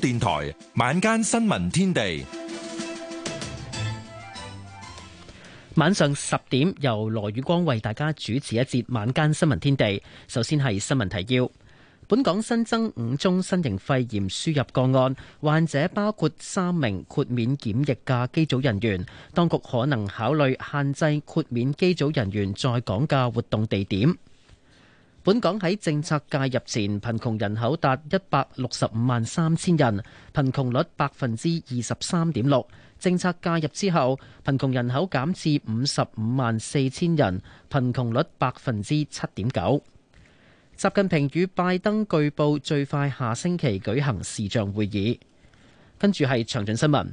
電台晚間新聞天地，晚上十點由羅宇光為大家主持一節晚間新聞天地。首先係新聞提要。本港新增五宗新型肺炎輸入個案，患者包括三名豁免檢疫嘅機組人員，當局可能考慮限制豁免機組人員在港嘅活動地點。本港喺政策介入前，貧窮人口達一百六十五萬三千人，貧窮率百分之二十三點六。政策介入之後，貧窮人口減至五十五萬四千人，貧窮率百分之七點九。習近平與拜登據報最快下星期舉行視像會議，跟住係詳盡新聞。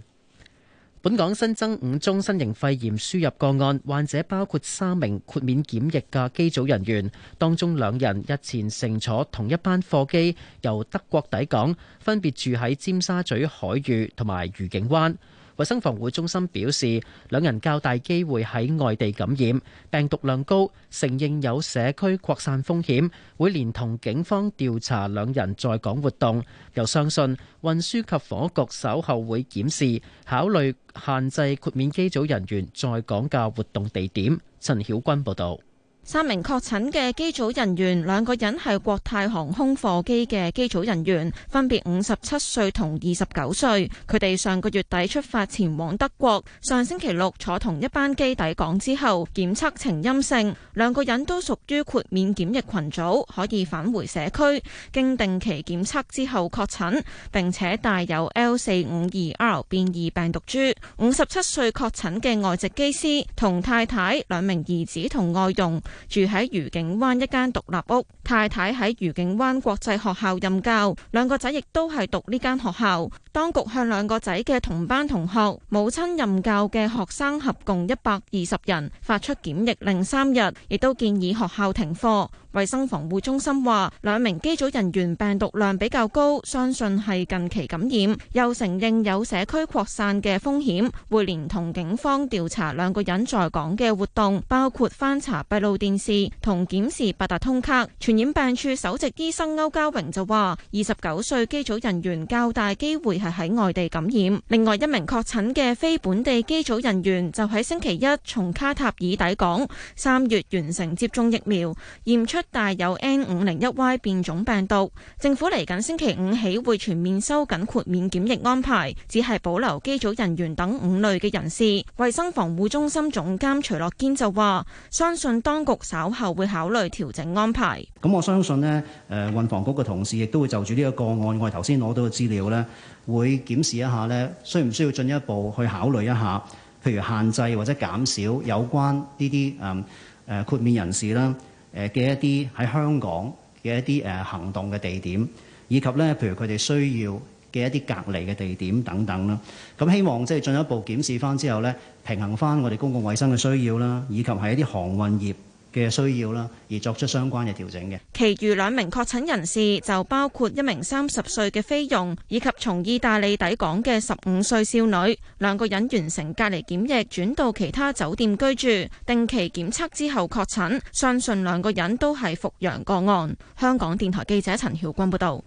本港新增五宗新型肺炎輸入個案，患者包括三名豁免檢疫嘅機組人員，當中兩人日前乘坐同一班貨機由德國抵港，分別住喺尖沙咀海域同埋愉景灣。衛生防護中心表示，兩人較大機會喺外地感染，病毒量高，承認有社區擴散風險，會連同警方調查兩人在港活動，又相信運輸及房屋局稍後會檢視，考慮限制豁免機組人員在港嘅活動地點。陳曉君報導。三名確診嘅機組人員，兩個人係國泰航空貨機嘅機組人員，分別五十七歲同二十九歲。佢哋上個月底出發前往德國，上星期六坐同一班機抵港之後檢測呈陰性。兩個人都屬於豁免檢疫群組，可以返回社區。經定期檢測之後確診，並且帶有 L 四五二 R 變異病毒株。五十七歲確診嘅外籍機師同太太，兩名兒子同外傭。住喺愉景灣一間獨立屋，太太喺愉景灣國際學校任教，兩個仔亦都係讀呢間學校。當局向兩個仔嘅同班同學、母親任教嘅學生合共一百二十人發出檢疫令三日，亦都建議學校停課。衛生防護中心話，兩名機組人員病毒量比較高，相信係近期感染，又承認有社區擴散嘅風險，會連同警方調查兩個人在港嘅活動，包括翻查閉路電視同檢視八達通卡。傳染病處首席醫生歐家榮就話，二十九歲機組人員較大機會係喺外地感染。另外一名確診嘅非本地機組人員就喺星期一從卡塔爾抵港，三月完成接種疫苗，驗出。但係有 N 五零一 Y 變種病毒，政府嚟緊星期五起會全面收緊豁免檢疫安排，只係保留機組人員等五類嘅人士。衞生防護中心總監徐樂堅就話：相信當局稍後會考慮調整安排。咁我相信呢，誒運房局嘅同事亦都會就住呢個個案，我哋頭先攞到嘅資料呢，會檢視一下呢，需唔需要進一步去考慮一下，譬如限制或者減少有關呢啲誒誒豁免人士啦。誒嘅一啲喺香港嘅一啲誒行動嘅地點，以及咧，譬如佢哋需要嘅一啲隔離嘅地點等等啦。咁希望即係進一步檢視翻之後咧，平衡翻我哋公共衛生嘅需要啦，以及係一啲航運業嘅需要啦，而作出相關嘅調整嘅。其餘兩名確診人士就包括一名三十歲嘅菲傭以及從意大利抵港嘅十五歲少女。兩個人完成隔離檢疫，轉到其他酒店居住，定期檢測之後確診，相信兩個人都係復陽個案。香港電台記者陳曉君報道。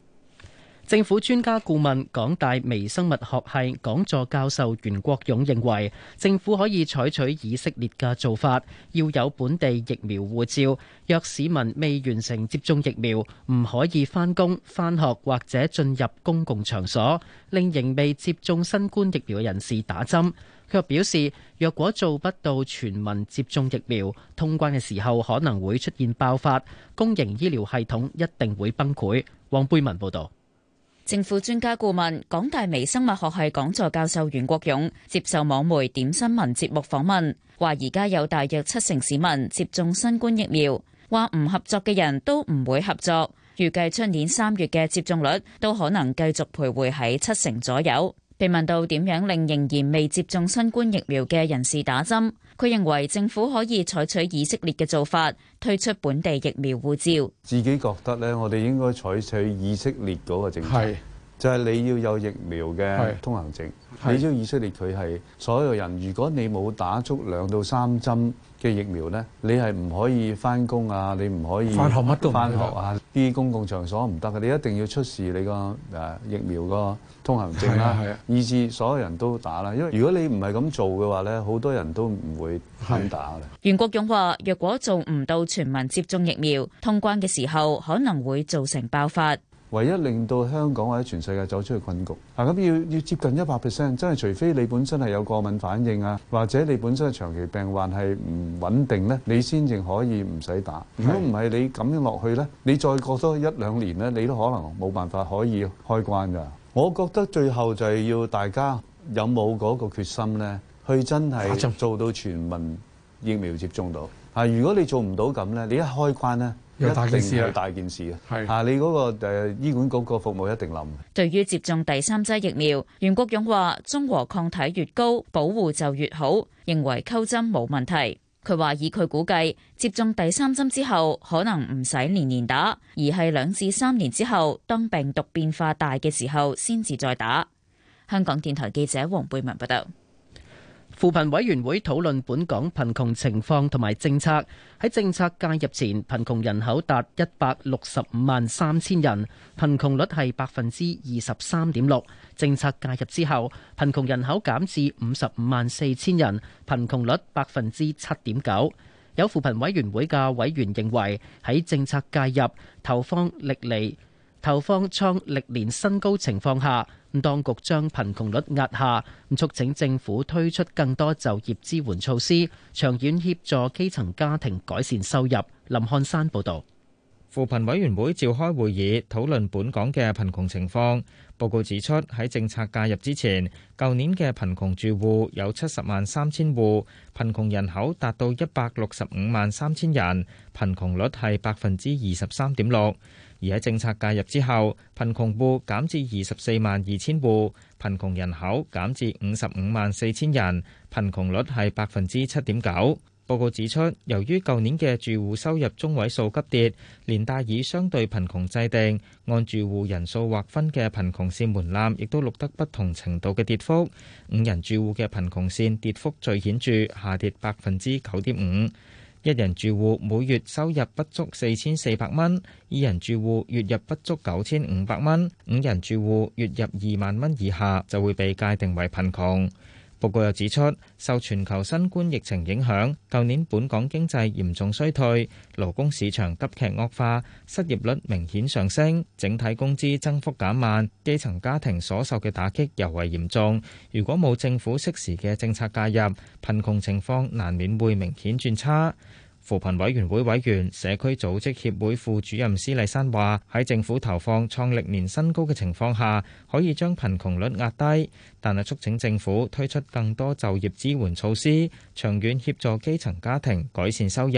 政府專家顧問，港大微生物學系講座教授袁國勇認為，政府可以採取以色列嘅做法，要有本地疫苗護照。若市民未完成接種疫苗，唔可以返工、返學或者進入公共場所，令仍未接種新冠疫苗嘅人士打針。佢又表示，若果做不到全民接種疫苗，通關嘅時候可能會出現爆發，公營醫療系統一定會崩潰。黃貝文報道。政府專家顧問、港大微生物學系講座教授袁國勇接受網媒點新聞節目訪問，話而家有大約七成市民接種新冠疫苗，話唔合作嘅人都唔會合作，預計出年三月嘅接種率都可能繼續徘徊喺七成左右。被問到點樣令仍然未接種新冠疫苗嘅人士打針。佢認為政府可以採取以色列嘅做法，推出本地疫苗護照。自己覺得咧，我哋應該採取以色列嗰個政策，是就係你要有疫苗嘅通行證。是你知以色列佢係所有人，如果你冇打足兩到三針嘅疫苗咧，你係唔可以返工啊，你唔可以返學乜都返學啊。啲公共場所唔得嘅，你一定要出示你個誒疫苗個通行證啦。啊啊、以至所有人都打啦，因為如果你唔係咁做嘅話咧，好多人都唔會肯打嘅。是袁國勇話，若果做唔到全民接種疫苗，通關嘅時候可能會造成爆發。唯一令到香港或者全世界走出去困局，嗱咁要要接近一百 percent，真係除非你本身係有過敏反應啊，或者你本身長期病患係唔穩定咧，你先至可以唔使打。如果唔係你咁樣落去咧，你再過多一兩年咧，你都可能冇辦法可以開關㗎。我覺得最後就係要大家有冇嗰個決心咧，去真係做到全民疫苗接種到。啊，如果你做唔到咁咧，你一開關咧～有大件事，係的大件事的啊！嚇、那個，你嗰個誒醫管嗰個服務一定冧。對於接種第三劑疫苗，袁國勇話：中和抗體越高，保護就越好。認為溝針冇問題。佢話以佢估計，接種第三針之後，可能唔使年年打，而係兩至三年之後，當病毒變化大嘅時候，先至再打。香港電台記者黃貝文報道。扶貧委員會討論本港貧窮情況同埋政策。喺政策介入前，貧窮人口達一百六十五萬三千人，貧窮率係百分之二十三點六。政策介入之後，貧窮人口減至五十五萬四千人，貧窮率百分之七點九。有扶貧委員會嘅委員認為，喺政策介入投放力利。後方創歷年新高情況下，咁當局將貧窮率壓下，促請政府推出更多就業支援措施，長遠協助基層家庭改善收入。林漢山報導。扶貧委員會召開會議討論本港嘅貧窮情況。報告指出，喺政策介入之前，舊年嘅貧窮住戶有七十萬三千戶，貧窮人口達到一百六十五萬三千人，貧窮率係百分之二十三點六。而喺政策介入之後，貧窮戶減至二十四萬二千戶，貧窮人口減至五十五萬四千人，貧窮率係百分之七點九。報告指出，由於舊年嘅住戶收入中位數急跌，連帶以相對貧窮制定按住戶人數劃分嘅貧窮線門檻，亦都錄得不同程度嘅跌幅。五人住戶嘅貧窮線跌幅最顯著，下跌百分之九點五。一人住戶每月收入不足四千四百蚊，二人住戶月入不足九千五百蚊，五人住戶月入二萬蚊以下就會被界定為貧窮。報告又指出，受全球新冠疫情影響，舊年本港經濟嚴重衰退，勞工市場急劇惡化，失業率明顯上升，整體工資增幅減慢，基層家庭所受嘅打擊尤為嚴重。如果冇政府適時嘅政策介入，貧窮情況難免會明顯轉差。扶貧委員會委員、社區組織協會副主任施麗珊話：喺政府投放創歷年新高嘅情況下，可以將貧窮率壓低，但係促請政府推出更多就業支援措施，長遠協助基層家庭改善收入。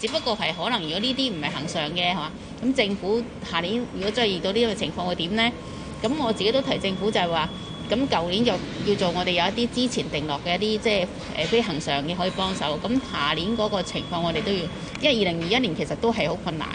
只不過係可能，如果呢啲唔係恆常嘅，吓，咁政府下年如果再遇到呢個情況，會點咧？咁我自己都提政府就係話。咁舊年就叫做，我哋有一啲之前定落嘅一啲即係誒飛行上嘅可以幫手。咁下年嗰個情況，我哋都要，因為二零二一年其實都係好困難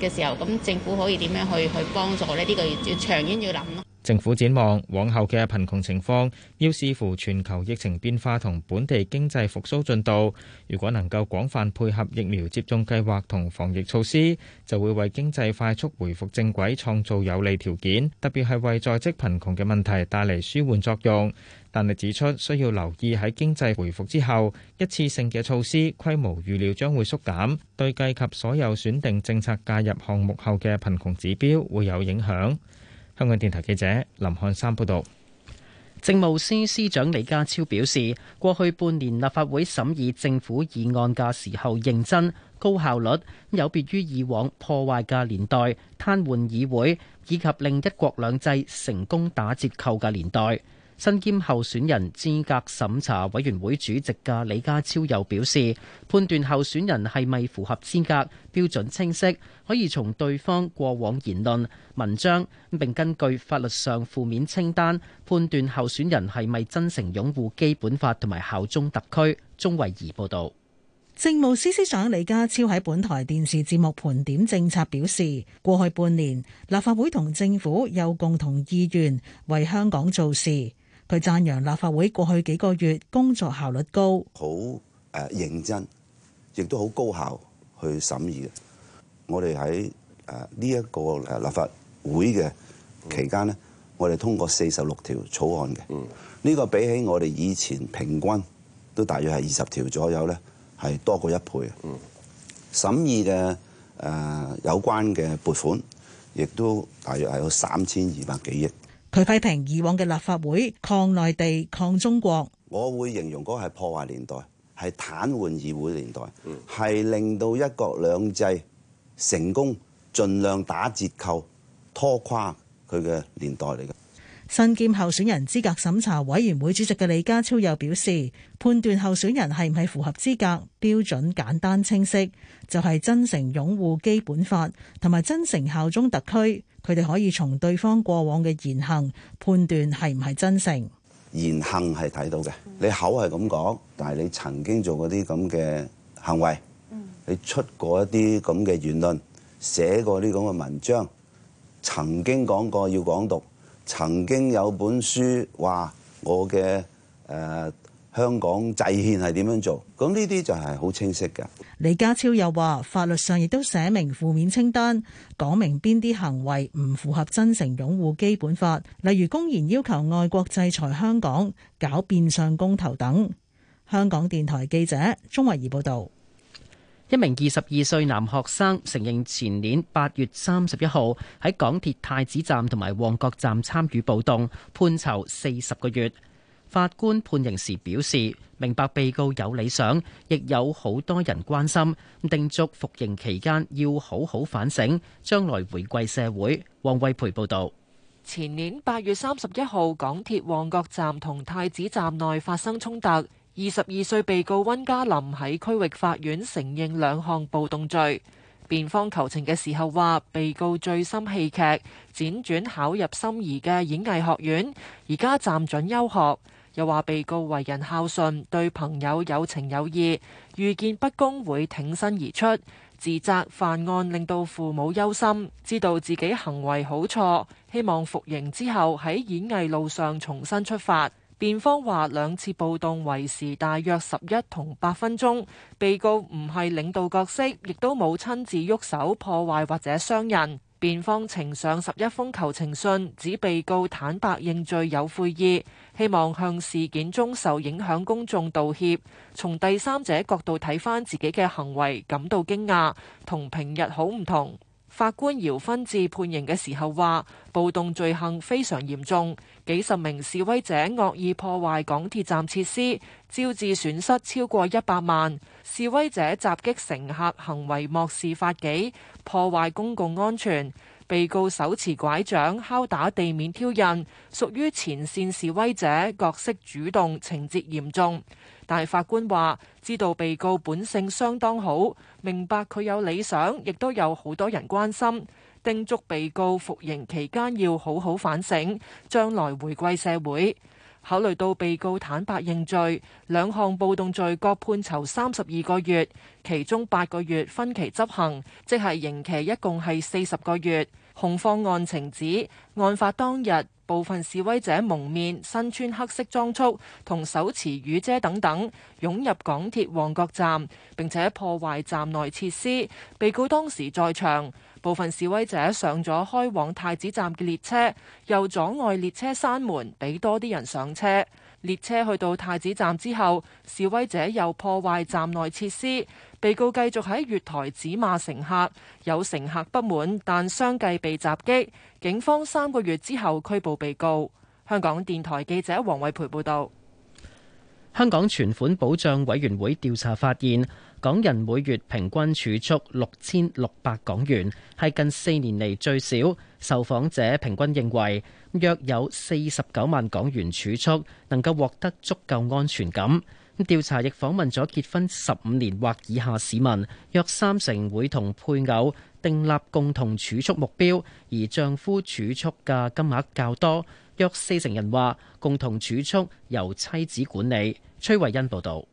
嘅時候，咁政府可以點樣去去幫助呢？呢個要長遠要諗咯。政府展望往後嘅貧窮情況，要視乎全球疫情變化同本地經濟復甦進度。如果能夠廣泛配合疫苗接種計劃同防疫措施，就會為經濟快速回復正軌創造有利條件，特別係為在職貧窮嘅問題帶嚟舒緩作用。但係指出需要留意喺經濟回復之後，一次性嘅措施規模預料將會縮減，對計及所有選定政策介入項目後嘅貧窮指標會有影響。香港電台記者林漢山報道，政務司司長李家超表示，過去半年立法會審議政府議案嘅時候認真、高效率，有別於以往破壞嘅年代、癱瘓議會以及令一國兩制成功打折扣嘅年代。身兼候選人資格審查委員會主席嘅李家超又表示，判斷候選人係咪符合資格，標準清晰，可以從對方過往言論、文章，並根據法律上負面清單判斷候選人係咪真誠擁護基本法同埋效忠特區。鍾慧儀報道。政務司司長李家超喺本台電視節目盤點政策表示，過去半年立法會同政府有共同意願為香港做事。佢讚揚立法會過去幾個月工作效率高，好誒認真，亦都好高效去審議嘅。我哋喺誒呢一個誒立法會嘅期間咧，我哋通過四十六條草案嘅，呢、這個比起我哋以前平均都大約係二十條左右咧，係多過一倍。嗯，審議嘅誒有關嘅撥款，亦都大約係有三千二百幾億。佢批評以往嘅立法會抗內地、抗中國，我會形容嗰個係破壞年代，係癱瘓議會年代，係令到一國兩制成功，盡量打折扣、拖垮佢嘅年代嚟嘅。新兼候選人資格審查委員會主席嘅李家超又表示，判斷候選人係唔係符合資格，標準簡單清晰，就係真誠擁護基本法同埋真誠效忠特區。佢哋可以從對方過往嘅言行判斷係唔係真誠，言行係睇到嘅。你口係咁講，但係你曾經做過啲咁嘅行為，你出過一啲咁嘅言論，寫過啲咁嘅文章，曾經講過要港獨，曾經有本書話我嘅誒。呃香港制憲係點樣做？咁呢啲就係好清晰嘅。李家超又話：法律上亦都寫明負面清單，講明邊啲行為唔符合真誠擁護基本法，例如公然要求外國制裁香港、搞變相公投等。香港電台記者鍾惠儀報導，一名二十二歲男學生承認前年八月三十一號喺港鐵太子站同埋旺角站參與暴動，判囚四十個月。法官判刑時表示，明白被告有理想，亦有好多人關心，定足服刑期間要好好反省，將來回歸社會，王慧培報道，前年八月三十一號港鐵旺角站同太子站內發生衝突，二十二歲被告温家林喺區域法院承認兩項暴動罪。辯方求情嘅時候話被告醉心戲劇輾轉考入心儀嘅演藝學院，而家暫准休學。又話被告為人孝順，對朋友有情有義，遇見不公會挺身而出，自責犯案令到父母憂心，知道自己行為好錯，希望服刑之後喺演藝路上重新出發。辯方話兩次暴動為時大約十一同八分鐘，被告唔係領導角色，亦都冇親自喐手破壞或者傷人。辯方呈上十一封求情信，指被告坦白認罪，有悔意，希望向事件中受影響公眾道歉，從第三者角度睇返自己嘅行為感到驚訝，同平日好唔同。法官姚勳智判刑嘅時候話，暴動罪行非常嚴重，幾十名示威者惡意破壞港鐵站設施，招致損失超過一百萬，示威者襲擊乘客，行為漠視法紀。破壞公共安全，被告手持拐杖敲打地面挑釁，屬於前線示威者角色主動，情節嚴重。但法官話，知道被告本性相當好，明白佢有理想，亦都有好多人關心，叮囑被告服刑期間要好好反省，將來回歸社會。考慮到被告坦白認罪，兩項暴動罪各判囚三十二個月，其中八個月分期執行，即係刑期一共係四十個月。控方案情指，案發當日部分示威者蒙面、身穿黑色裝束同手持雨遮等等，湧入港鐵旺角站並且破壞站內設施，被告當時在場。部分示威者上咗開往太子站嘅列車，又阻礙列車閂門，俾多啲人上車。列車去到太子站之後，示威者又破壞站內設施。被告繼續喺月台指罵乘客，有乘客不滿，但相繼被襲擊。警方三個月之後拘捕被告。香港電台記者黃慧培報道。香港存款保障委員會調查發現。港人每月平均儲蓄六千六百港元，係近四年嚟最少。受訪者平均認為，約有四十九萬港元儲蓄能夠獲得足夠安全感。調查亦訪問咗結婚十五年或以下市民，約三成會同配偶訂立共同儲蓄目標，而丈夫儲蓄嘅金額較多，約四成人話共同儲蓄由妻子管理。崔慧欣報導。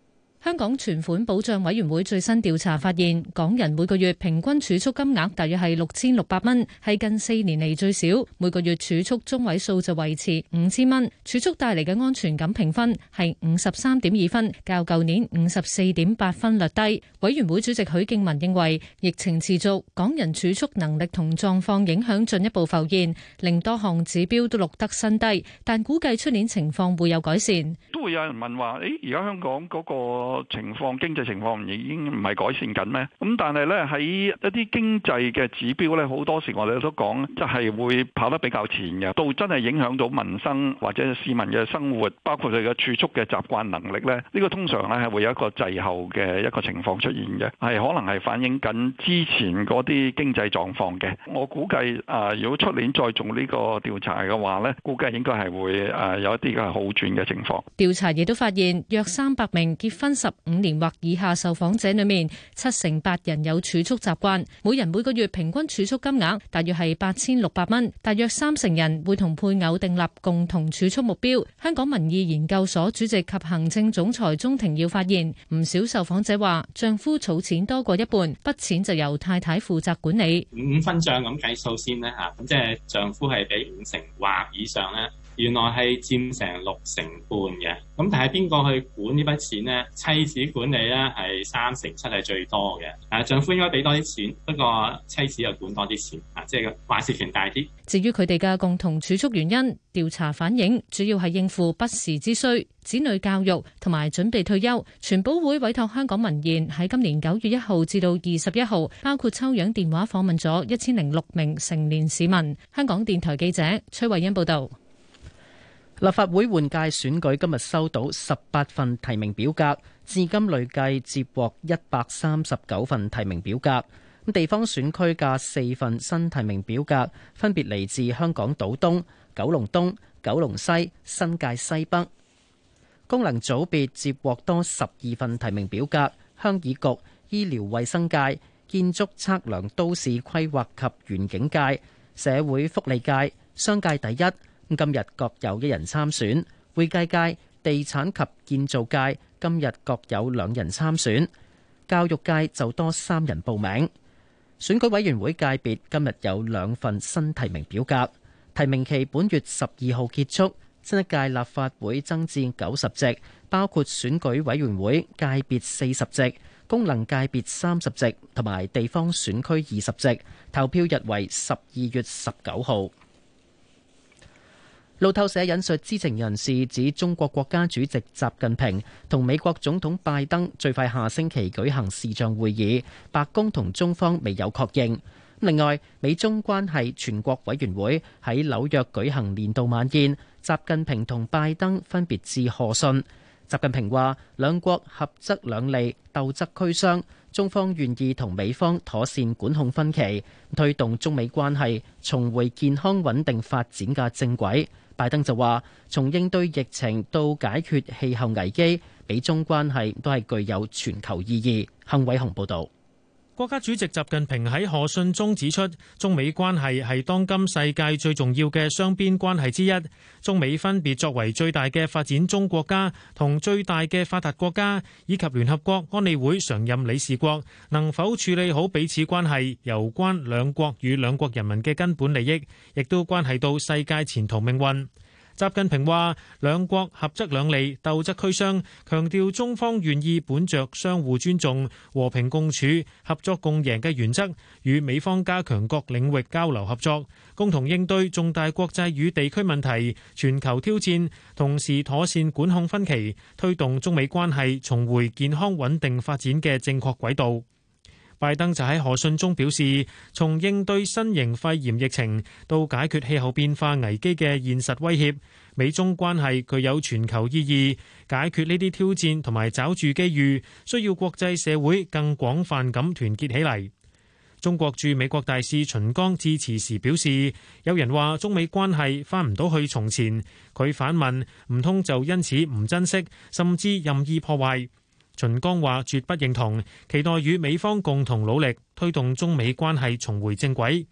香港存款保障委員會最新調查發現，港人每個月平均儲蓄金額大約係六千六百蚊，係近四年嚟最少。每個月儲蓄中位數就維持五千蚊，儲蓄帶嚟嘅安全感評分係五十三點二分，較舊年五十四點八分略低。委員會主席許敬文認為，疫情持續，港人儲蓄能力同狀況影響進一步浮現，令多項指標都錄得新低。但估計出年情況會有改善。都會有人問話，誒，而家香港嗰個？個情況，經濟情況唔已經唔係改善緊咩？咁但係咧喺一啲經濟嘅指標咧，好多時我哋都講，即係會跑得比較前嘅，到真係影響到民生或者市民嘅生活，包括佢嘅儲蓄嘅習慣能力咧，呢個通常咧係會有一個滯後嘅一個情況出現嘅，係可能係反映緊之前嗰啲經濟狀況嘅。我估計誒如果出年再做呢個調查嘅話咧，估計應該係會誒有一啲嘅好轉嘅情況。調查亦都發現，約三百名結婚十五年或以下受訪者裏面，七成八人有儲蓄習慣，每人每個月平均儲蓄金額大約係八千六百蚊，大約三成人會同配偶訂立共同儲蓄目標。香港民意研究所主席及行政總裁鍾庭耀發現，唔少受訪者話丈夫儲錢多過一半，筆錢就由太太負責管理。五五分賬咁計數先咧，吓，咁即係丈夫係俾五成或以上咧。原來係佔成六成半嘅，咁但係邊個去管呢筆錢呢？妻子管理咧係三成七係最多嘅。啊，丈夫應該俾多啲錢，不過妻子又管多啲錢啊，即係話事權大啲。至於佢哋嘅共同儲蓄原因，調查反映主要係應付不時之需、子女教育同埋準備退休。全保會委託香港民研喺今年九月一號至到二十一號，包括抽樣電話訪問咗一千零六名成年市民。香港電台記者崔慧欣報道。立法會換屆選舉今日收到十八份提名表格，至今累計接獲一百三十九份提名表格。咁地方選區嘅四份新提名表格分別嚟自香港島東、九龍東、九龍西、新界西北。功能組別接獲多十二份提名表格，鄉議局、醫療衛生界、建築測量、都市規劃及園境界、社會福利界、商界第一。今日各有一人參選會計界、地產及建造界。今日各有兩人參選教育界，就多三人報名。選舉委員會界別今日有兩份新提名表格，提名期本月十二號結束。新一屆立法會增至九十席，包括選舉委員會界別四十席、功能界別三十席，同埋地方選區二十席。投票日為十二月十九號。路透社引述知情人士指，中國國家主席習近平同美國總統拜登最快下星期舉行視像會議，白宮同中方未有確認。另外，美中關係全國委員會喺紐約舉行年度晚宴，習近平同拜登分別致賀信。習近平話兩國合則兩利，鬥則俱傷，中方願意同美方妥善管控分歧，推動中美關係重回健康穩定發展嘅正軌。拜登就話：從應對疫情到解決氣候危機，美中關係都係具有全球意義。幸偉雄報道。國家主席習近平喺賀信中指出，中美關係係當今世界最重要嘅雙邊關係之一。中美分別作為最大嘅發展中國家同最大嘅發達國家，以及聯合國安理會常任理事國，能否處理好彼此關係，攸關兩國與兩國人民嘅根本利益，亦都關係到世界前途命運。習近平話：兩國合則兩利，鬥則俱傷。強調中方願意本着相互尊重、和平共處、合作共贏嘅原則，與美方加強各領域交流合作，共同應對重大國際與地區問題、全球挑戰，同時妥善管控分歧，推動中美關係重回健康穩定發展嘅正確軌道。拜登就喺賀信中表示，從應對新型肺炎疫情到解決氣候變化危機嘅現實威脅，美中關係具有全球意義。解決呢啲挑戰同埋抓住機遇，需要國際社會更廣泛咁團結起嚟。中國駐美國大使秦剛致辭時表示，有人話中美關係翻唔到去從前，佢反問，唔通就因此唔珍惜，甚至任意破壞？秦剛話：絕不認同，期待與美方共同努力推動中美關係重回正軌。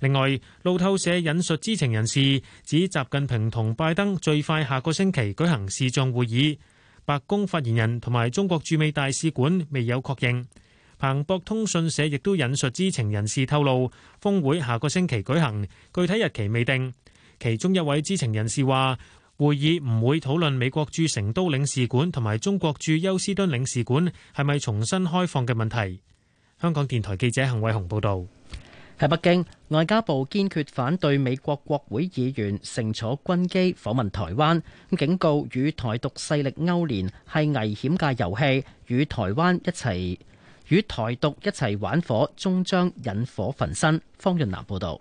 另外，路透社引述知情人士指，習近平同拜登最快下個星期舉行視像會議，白宮發言人同埋中國駐美大使館未有確認。彭博通訊社亦都引述知情人士透露，峰會下個星期舉行，具體日期未定。其中一位知情人士話：會議唔會討論美國駐成都領事館同埋中國駐休斯敦領事館係咪重新開放嘅問題。香港電台記者陳偉雄報導。喺北京，外交部堅決反對美國國會議員乘坐軍機訪問台灣，警告與台獨勢力勾連係危險嘅遊戲，與台灣一齊與台獨一齊玩火，終將引火焚身。方潤南報導。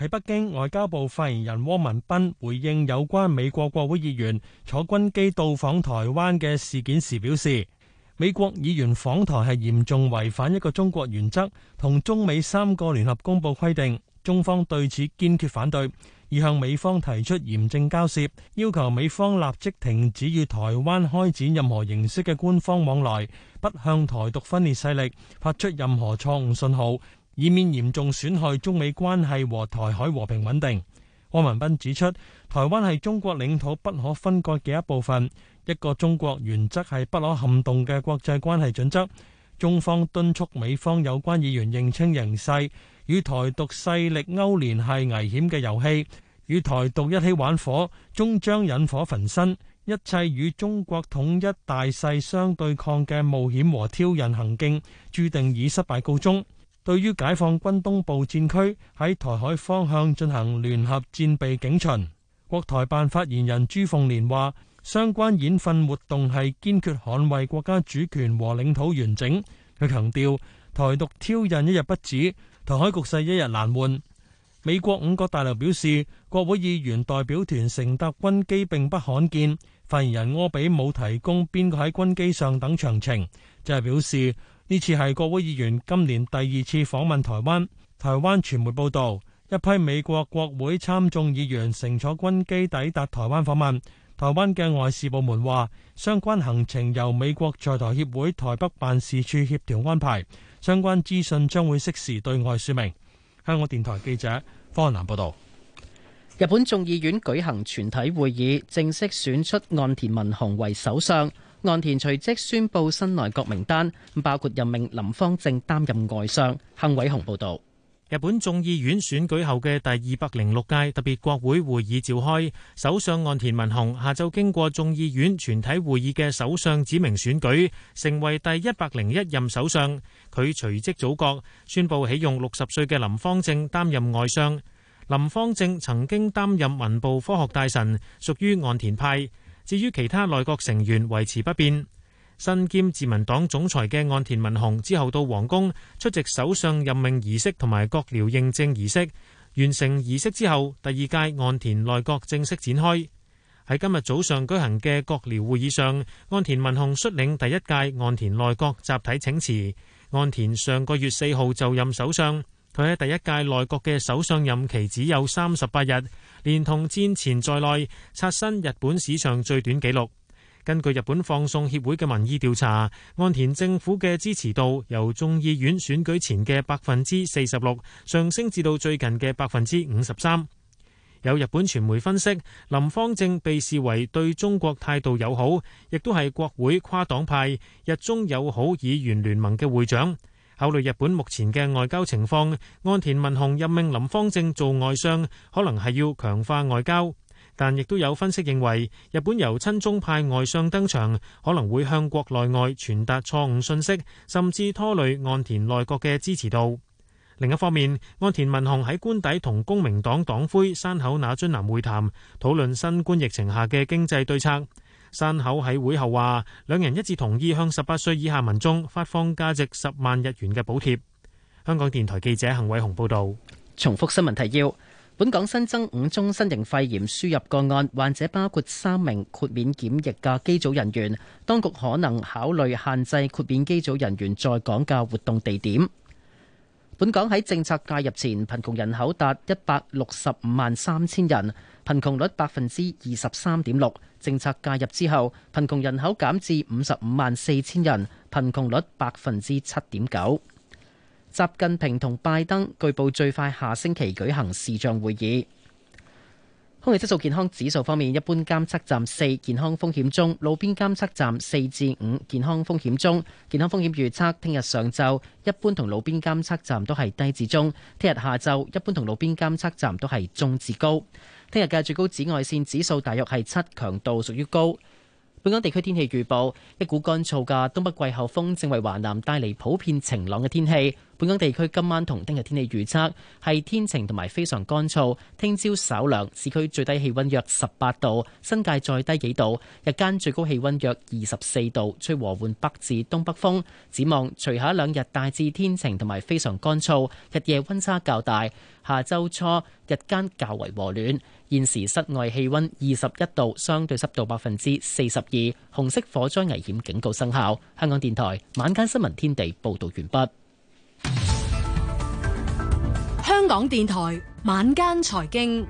喺北京，外交部發言人汪文斌回應有關美國國會議員坐軍機到訪台灣嘅事件時表示，美國議員訪台係嚴重違反一個中國原則同中美三個聯合公報規定，中方對此堅決反對，而向美方提出嚴正交涉，要求美方立即停止與台灣開展任何形式嘅官方往來，不向台獨分裂勢力發出任何錯誤信號。以免嚴重損害中美關係和台海和平穩定，汪文斌指出，台灣係中國領土不可分割嘅一部分，一個中國原則係不可撼動嘅國際關係準則。中方敦促美方有關議員認清形勢，與台獨勢力勾連係危險嘅遊戲，與台獨一起玩火，終將引火焚身。一切與中國統一大勢相對抗嘅冒險和挑釁行徑，注定以失敗告終。對於解放軍東部戰區喺台海方向進行聯合戰備警巡，國台辦發言人朱鳳蓮話：相關演訓活動係堅決捍衛國家主權和領土完整。佢強調，台獨挑釁一日不止，台海局勢一日難緩。美國五角大樓表示，國會議員代表團乘搭軍機並不罕見。發言人柯比冇提供邊個喺軍機上等詳情，只係表示。呢次係國會議員今年第二次訪問台灣。台灣傳媒報導，一批美國國會參眾議員乘坐軍機抵達台灣訪問。台灣嘅外事部門話，相關行程由美國在台協會台北辦事處協調安排，相關資訊將會適時對外說明。香港電台記者方南報道。日本眾議院舉行全體會議，正式選出岸田文雄為首相。岸田隨即宣布新內閣名單，包括任命林方正擔任外相。幸偉雄報導。日本眾議院選舉後嘅第二百零六屆特別國會會議召開，首相岸田文雄下晝經過眾議院全體會議嘅首相指名選舉，成為第一百零一任首相。佢隨即組閣，宣布起用六十歲嘅林方正擔任外相。林方正曾經擔任文部科學大臣，屬於岸田派。至於其他內閣成員維持不變。身兼自民黨總裁嘅岸田文雄之後到皇宮出席首相任命儀式同埋閣僚認證儀式，完成儀式之後，第二屆岸田內閣正式展開。喺今日早上舉行嘅閣僚會議上，岸田文雄率領第一屆岸田內閣集體請辭。岸田上個月四號就任首相，佢喺第一屆內閣嘅首相任期只有三十八日。連同戰前在內刷新日本史上最短紀錄。根據日本放送協會嘅民意調查，岸田政府嘅支持度由眾議院選舉前嘅百分之四十六上升至到最近嘅百分之五十三。有日本傳媒分析，林芳正被視為對中國態度友好，亦都係國會跨黨派、日中友好議員聯盟嘅會長。考慮日本目前嘅外交情況，岸田文雄任命林芳正做外相，可能係要強化外交。但亦都有分析認為，日本由親中派外相登場，可能會向國內外傳達錯誤信息，甚至拖累岸田內閣嘅支持度。另一方面，岸田文雄喺官邸同公明黨黨魁山口那津男會談，討論新冠疫情下嘅經濟對策。山口喺會後話，兩人一致同意向十八歲以下民眾發放價值十萬日元嘅補貼。香港電台記者邢偉雄報道。重複新聞提要，本港新增五宗新型肺炎輸入個案，患者包括三名豁免檢疫嘅機組人員，當局可能考慮限制豁免機組人員在港嘅活動地點。本港喺政策介入前，貧窮人口達一百六十五萬三千人，貧窮率百分之二十三點六。政策介入之後，貧窮人口減至五十五萬四千人，貧窮率百分之七點九。習近平同拜登據報最快下星期舉行視像會議。空氣質素健康指數方面，一般監測站四健康風險中，路邊監測站四至五健康風險中。健康風險預測聽日上晝，一般同路邊監測站都係低至中；聽日下晝，一般同路邊監測站都係中至高。聽日嘅最高紫外線指數大約係七，強度屬於高。本港地區天氣預報，一股乾燥嘅東北季候風正為華南帶嚟普遍晴朗嘅天氣。本港地區今晚同聽日天氣預測係天晴同埋非常乾燥。聽朝稍涼，市區最低氣溫約十八度，新界再低幾度。日間最高氣溫約二十四度，吹和緩北至東北風。展望，隨後兩日大致天晴同埋非常乾燥，日夜溫差較大。下周初日間較為和暖。現時室外氣溫二十一度，相對濕度百分之四十二，紅色火災危險警告生效。香港電台晚間新聞天地報道完畢。香港電台晚間財經，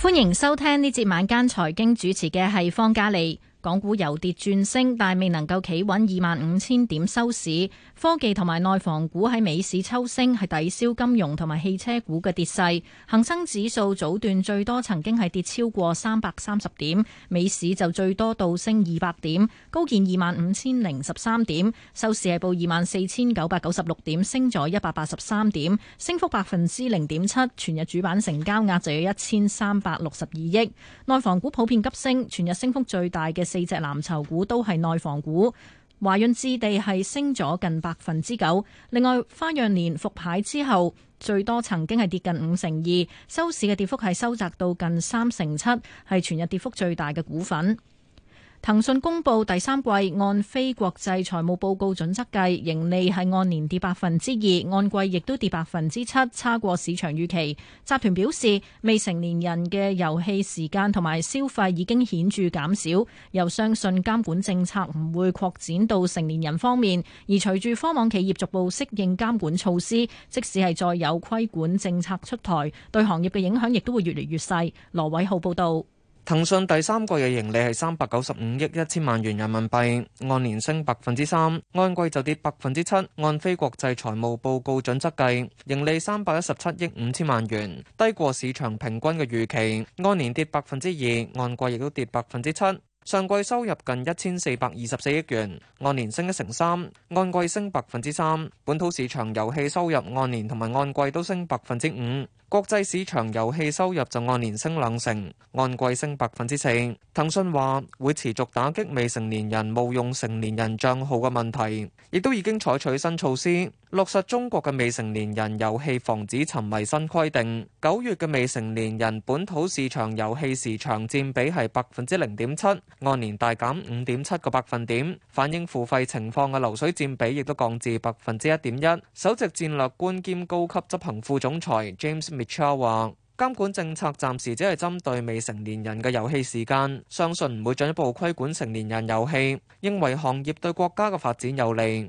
歡迎收聽呢節晚間財經，主持嘅係方嘉利。港股由跌轉升，但未能夠企穩二萬五千點收市。科技同埋內房股喺美市抽升，係抵消金融同埋汽車股嘅跌勢。恒生指數早段最多曾經係跌超過三百三十點，美市就最多到升二百點，高見二萬五千零十三點，收市係報二萬四千九百九十六點，升咗一百八十三點，升幅百分之零點七。全日主板成交額就有一千三百六十二億。內房股普遍急升，全日升幅最大嘅四隻藍籌股都係內房股。華潤置地係升咗近百分之九，另外花樣年復牌之後，最多曾經係跌近五成二，收市嘅跌幅係收窄到近三成七，係全日跌幅最大嘅股份。騰訊公布第三季按非國際財務報告準則計，盈利係按年跌百分之二，按季亦都跌百分之七，差過市場預期。集團表示，未成年人嘅遊戲時間同埋消費已經顯著減少，又相信監管政策唔會擴展到成年人方面。而隨住科網企業逐步適應監管措施，即使係再有規管政策出台，對行業嘅影響亦都會越嚟越細。羅偉浩報道。騰訊第三季嘅盈利係三百九十五億一千萬元人民幣，按年升百分之三，按季就跌百分之七。按非國際財務報告準則計，盈利三百一十七億五千萬元，低過市場平均嘅預期，按年跌百分之二，按季亦都跌百分之七。上季收入近一千四百二十四億元，按年升一成三，按季升百分之三。本土市場遊戲收入按年同埋按季都升百分之五。國際市場遊戲收入就按年升兩成，按季升百分之四。騰訊話會持續打擊未成年人冒用成年人賬號嘅問題，亦都已經採取新措施落實中國嘅未成年人遊戲防止沉迷新規定。九月嘅未成年人本土市場遊戲時長佔比係百分之零點七，按年大減五點七個百分點，反映付費情況嘅流水佔比亦都降至百分之一點一。首席戰略官兼高級執行副總裁 James Mitchell 話：監管政策暫時只係針對未成年人嘅遊戲時間，相信唔會進一步規管成年人遊戲，認為行業對國家嘅發展有利。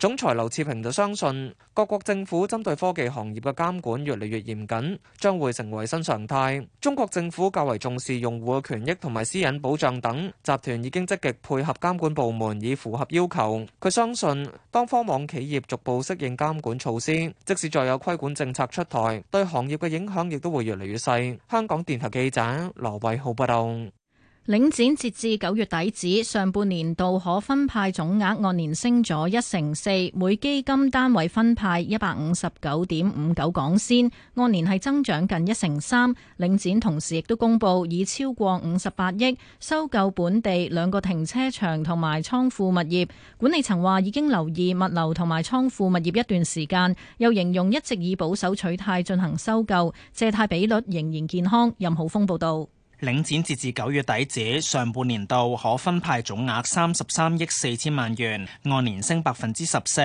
總裁劉志平就相信，各國政府針對科技行業嘅監管越嚟越嚴謹，將會成為新常態。中國政府較為重視用戶嘅權益同埋私隱保障等，集團已經積極配合監管部門以符合要求。佢相信，當科網企業逐步適應監管措施，即使再有規管政策出台，對行業嘅影響亦都會越嚟越細。香港電台記者羅偉浩報道。領展截至九月底止上半年度可分派總額按年升咗一成四，每基金單位分派一百五十九點五九港仙，按年係增長近一成三。領展同時亦都公布，已超過五十八億收購本地兩個停車場同埋倉庫物業。管理層話已經留意物流同埋倉庫物業一段時間，又形容一直以保守取態進行收購，借貸比率仍然健康。任浩峰報道。領展截至九月底止上半年度可分派總額三十三億四千萬元，按年升百分之十四，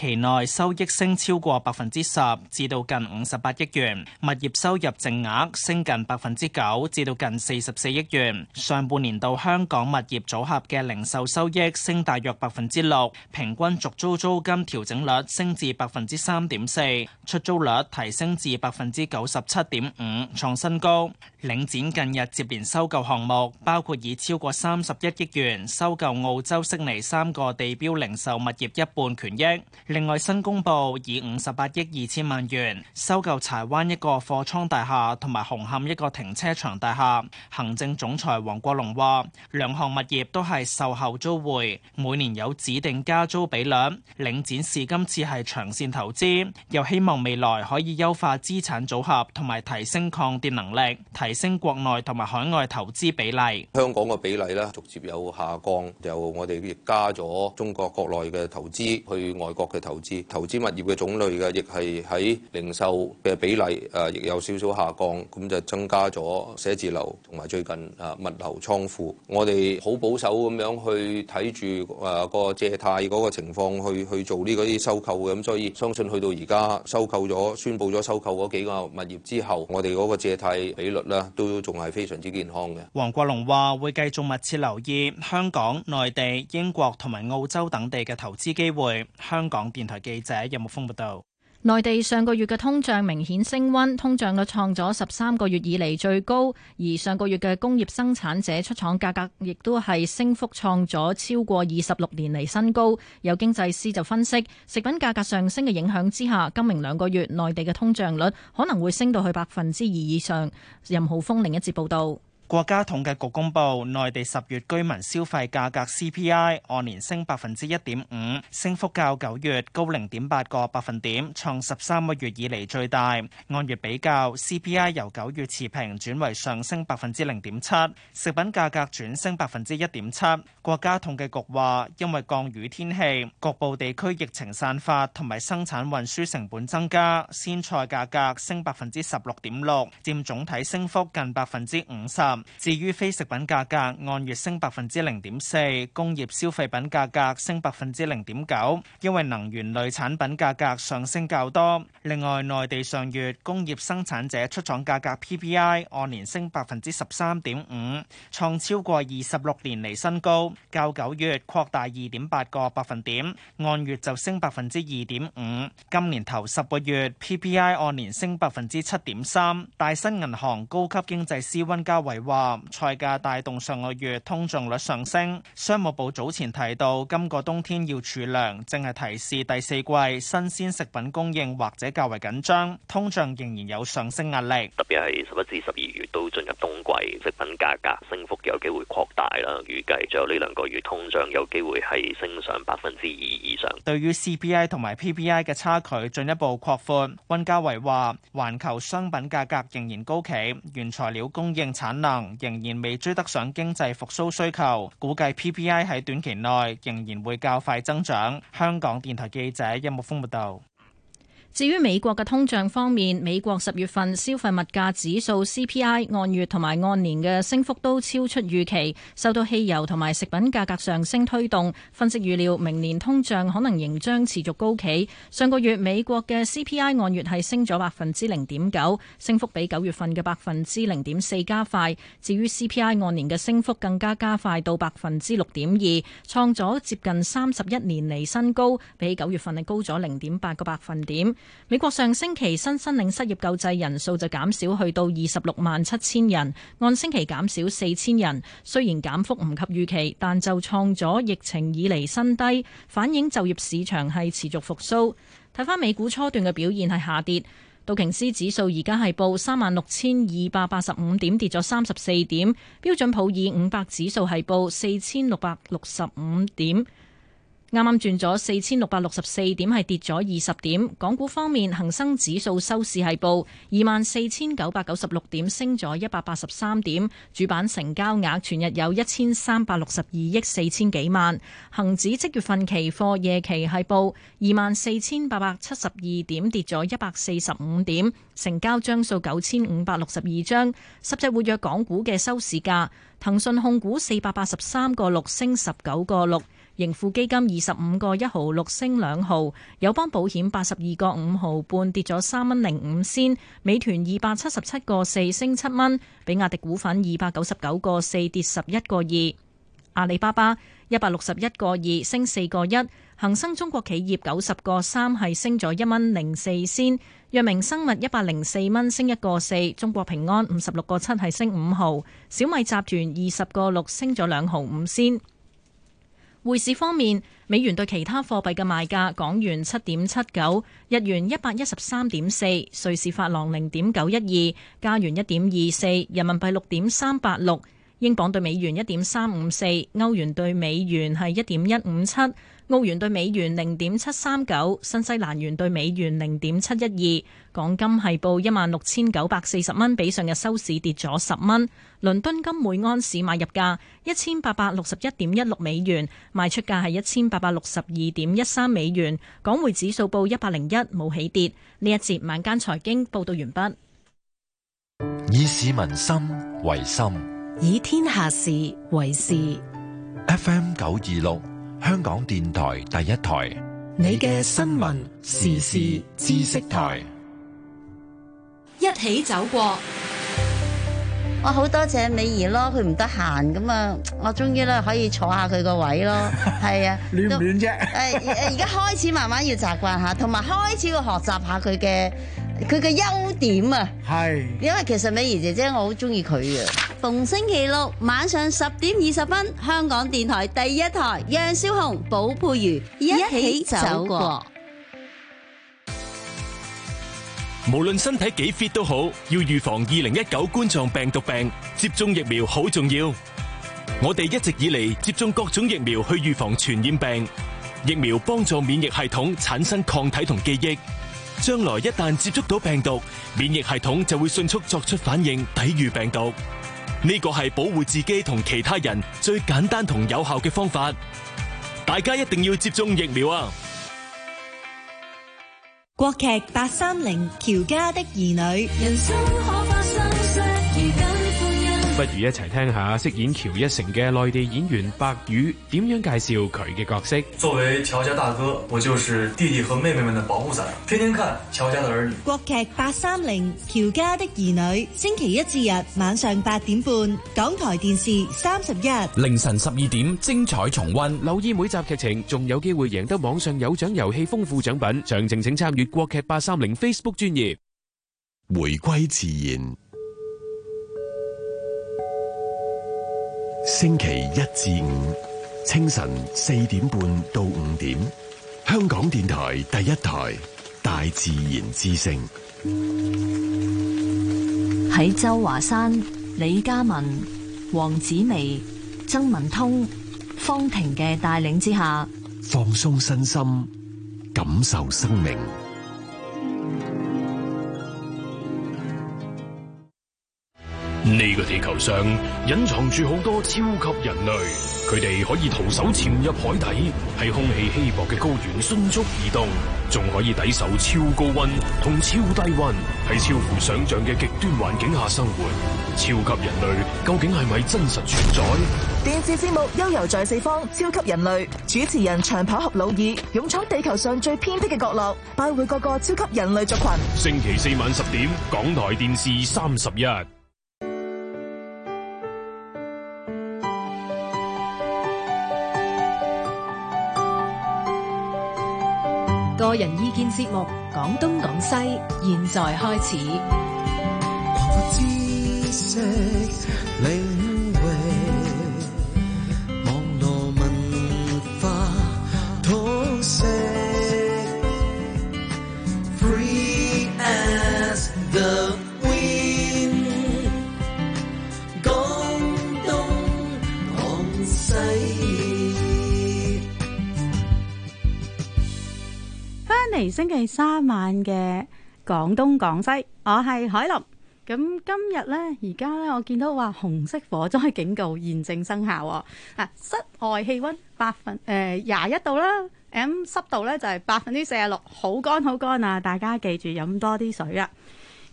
期內收益升超過百分之十，至到近五十八億元；物業收入淨額升近百分之九，至到近四十四億元。上半年度香港物業組合嘅零售收益升大約百分之六，平均續租租金調整率升至百分之三點四，出租率提升至百分之九十七點五，創新高。領展近日接連收購項目，包括以超過三十一億元收購澳洲悉尼三個地標零售物業一半權益。另外，新公布以五十八億二千萬元收購柴灣一個貨倉大廈同埋紅磡一個停車場大廈。行政總裁黃國龍話，兩項物業都係售後租回，每年有指定加租比率。領展視今次係長線投資，又希望未來可以優化資產組合同埋提升抗跌能力。提升國內同埋海外投資比例，香港嘅比例咧逐漸有下降，就我哋亦加咗中國國內嘅投資去外國嘅投資，投資物業嘅種類嘅亦係喺零售嘅比例誒亦、呃、有少少下降，咁就增加咗寫字樓同埋最近啊物流倉庫，我哋好保守咁樣去睇住誒個借貸嗰個情況去去做呢嗰啲收購嘅，咁所以相信去到而家收購咗、宣布咗收購嗰幾個物業之後，我哋嗰個借貸比率咧。都仲係非常之健康嘅。黃國龍話：會繼續密切留意香港、內地、英國同埋澳洲等地嘅投資機會。香港電台記者任木峯報道。內地上個月嘅通脹明顯升溫，通脹率創咗十三個月以嚟最高，而上個月嘅工業生產者出廠價格亦都係升幅創咗超過二十六年嚟新高。有經濟師就分析，食品價格上升嘅影響之下，今明兩個月內地嘅通脹率可能會升到去百分之二以上。任浩峰另一節報道。國家統計局局公佈，內地十月居民消費價格 CPI 按年升百分之一點五，升幅較九月高零點八個百分點，創十三個月以嚟最大。按月比較，CPI 由九月持平轉為上升百分之零點七，食品價格轉升百分之一點七。國家統計局話，因為降雨天氣，局部地區疫情散發同埋生產運輸成本增加，鮮菜價格升百分之十六點六，佔總體升幅近百分之五十。至於非食品價格按月升百分之零點四，工業消費品價格升百分之零點九，因為能源類產品價格上升較多。另外，內地上月工業生產者出廠價格 PPI 按年升百分之十三點五，創超過二十六年嚟新高，較九月擴大二點八個百分點，按月就升百分之二點五。今年頭十個月 PPI 按年升百分之七點三，大新銀行高級經濟師溫家維。話菜價帶動上個月通脹率上升，商務部早前提到今個冬天要儲糧，正係提示第四季新鮮食品供應或者較為緊張，通脹仍然有上升壓力。特別係十一至十二月都進入冬季，食品價格升幅有機會擴大啦。預計最後呢兩個月通脹有機會係升上百分之二以上。對於 CPI 同埋 PPI 嘅差距進一步擴闊，溫家維話環球商品價格仍然高企，原材料供應產能。仍然未追得上經濟復甦需求，估計 PPI 喺短期內仍然會較快增長。香港電台記者任木豐報道。至於美國嘅通脹方面，美國十月份消費物價指數 CPI 按月同埋按年嘅升幅都超出預期，受到汽油同埋食品價格上升推動。分析預料明年通脹可能仍將持續高企。上個月美國嘅 CPI 按月係升咗百分之零點九，升幅比九月份嘅百分之零點四加快。至於 CPI 按年嘅升幅更加加快到百分之六點二，創咗接近三十一年嚟新高，比九月份係高咗零點八個百分點。美國上星期新申領失業救濟人數就減少去到二十六萬七千人，按星期減少四千人。雖然減幅唔及預期，但就創咗疫情以嚟新低，反映就業市場係持續復甦。睇返美股初段嘅表現係下跌，道瓊斯指數而家係報三萬六千二百八十五點，跌咗三十四點。標準普爾五百指數係報四千六百六十五點。啱啱轉咗四千六百六十四點，係跌咗二十點。港股方面，恒生指數收市係報二萬四千九百九十六點，升咗一百八十三點。主板成交額全日有一千三百六十二億四千幾萬。恒指即月份期貨夜期係報二萬四千八百七十二點，跌咗一百四十五點，成交張數九千五百六十二張。十隻活躍港股嘅收市價，騰訊控股四百八十三個六升十九個六。盈富基金二十五個一毫六升兩毫，友邦保險八十二個五毫半跌咗三蚊零五仙，美團二百七十七個四升七蚊，比亞迪股份二百九十九個四跌十一個二，阿里巴巴一百六十一個二升四個一，恒生中國企業九十個三係升咗一蚊零四仙，藥明生物一百零四蚊升一個四，中國平安五十六個七係升五毫，小米集團二十個六升咗兩毫五仙。匯市方面，美元對其他貨幣嘅賣價：港元七點七九，日元一百一十三點四，瑞士法郎零點九一二，加元一點二四，人民幣六點三八六，英鎊兌美元一點三五四，歐元兌美元係一點一五七。澳元兌美元零點七三九，新西蘭元兌美元零點七一二，港金係報一萬六千九百四十蚊，比上日收市跌咗十蚊。倫敦金每安士買入價一千八百六十一點一六美元，賣出價係一千八百六十二點一三美元。港匯指數報一百零一，冇起跌。呢一節晚間財經報道完畢。以市民心為心，以天下事為事。F.M. 九二六。香港電台第一台，你嘅新聞時事知識台，一起走過。我好多謝美兒咯，佢唔得閒，咁啊，我終於咧可以坐下佢個位咯。係 啊，亂唔亂啫？誒誒，而家開始慢慢要習慣下，同埋開始要學習下佢嘅。佢嘅優點啊，係因為其實美儀姐姐我好中意佢嘅。逢星期六晚上十點二十分，香港電台第一台，楊蕭紅、寶佩如一起走過。無論身體幾 fit 都好，要預防二零一九冠狀病毒病，接種疫苗好重要。我哋一直以嚟接種各種疫苗去預防傳染病，疫苗幫助免疫系統產生抗體同記憶。將來一旦接觸到病毒，免疫系統就會迅速作出反應，抵禦病毒。呢個係保護自己同其他人最簡單同有效嘅方法。大家一定要接種疫苗啊！國劇八三零，喬家的兒女。不如一齊聽下飾演喬一成嘅內地演員白宇點樣介紹佢嘅角色。作為喬家大哥，我就是弟弟和妹妹們的保護傘。天天看《喬家的兒女》。國劇八三零《喬家的兒女》，星期一至日晚上八點半，港台電視三十一，凌晨十二點精彩重溫。留意每集劇情，仲有機會贏得網上有獎遊戲豐富獎品。詳情請參閱國劇八三零 Facebook 專頁。回歸自然。星期一至五清晨四點半到五點，香港電台第一台《大自然之聲》喺周華山、李嘉文、黃子薇、曾文通、方婷嘅帶領之下，放鬆身心，感受生命。上隱藏住好多超級人類，佢哋可以徒手潛入海底，喺空氣稀薄嘅高原迅速移動，仲可以抵受超高溫同超低溫，喺超乎想象嘅極端環境下生活。超級人類究竟係咪真實存在？電視節目《悠遊在四方》超級人類主持人長跑俠老二勇闖地球上最偏僻嘅角落，拜會各個超級人類族群。星期四晚十點，港台電視三十一。.人意見節目，講東講西，現在開始。 星期三晚嘅廣東廣西，我係海林。咁今日呢，而家呢，我見到話紅色火災警告現正生效。啊，室外氣溫百分誒廿一度啦，咁濕度呢就係百分之四十六，好乾好乾啊！大家記住飲多啲水啊！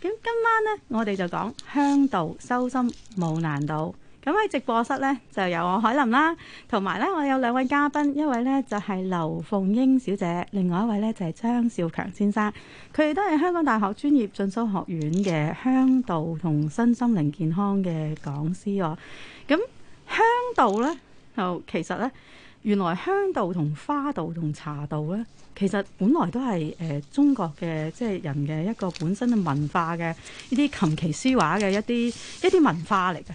咁今晚呢，我哋就講香度修心冇難度。咁喺直播室咧，就有我海琳啦，同埋咧，我有兩位嘉賓，一位咧就係劉鳳英小姐，另外一位咧就係張少強先生。佢哋都係香港大學專業進修學院嘅香道同身心靈健康嘅講師。哦。咁香道咧，就、哦、其實咧，原來香道同花道同茶道咧，其實本來都係誒、呃、中國嘅，即係人嘅一個本身嘅文化嘅呢啲琴棋書畫嘅一啲一啲文化嚟嘅。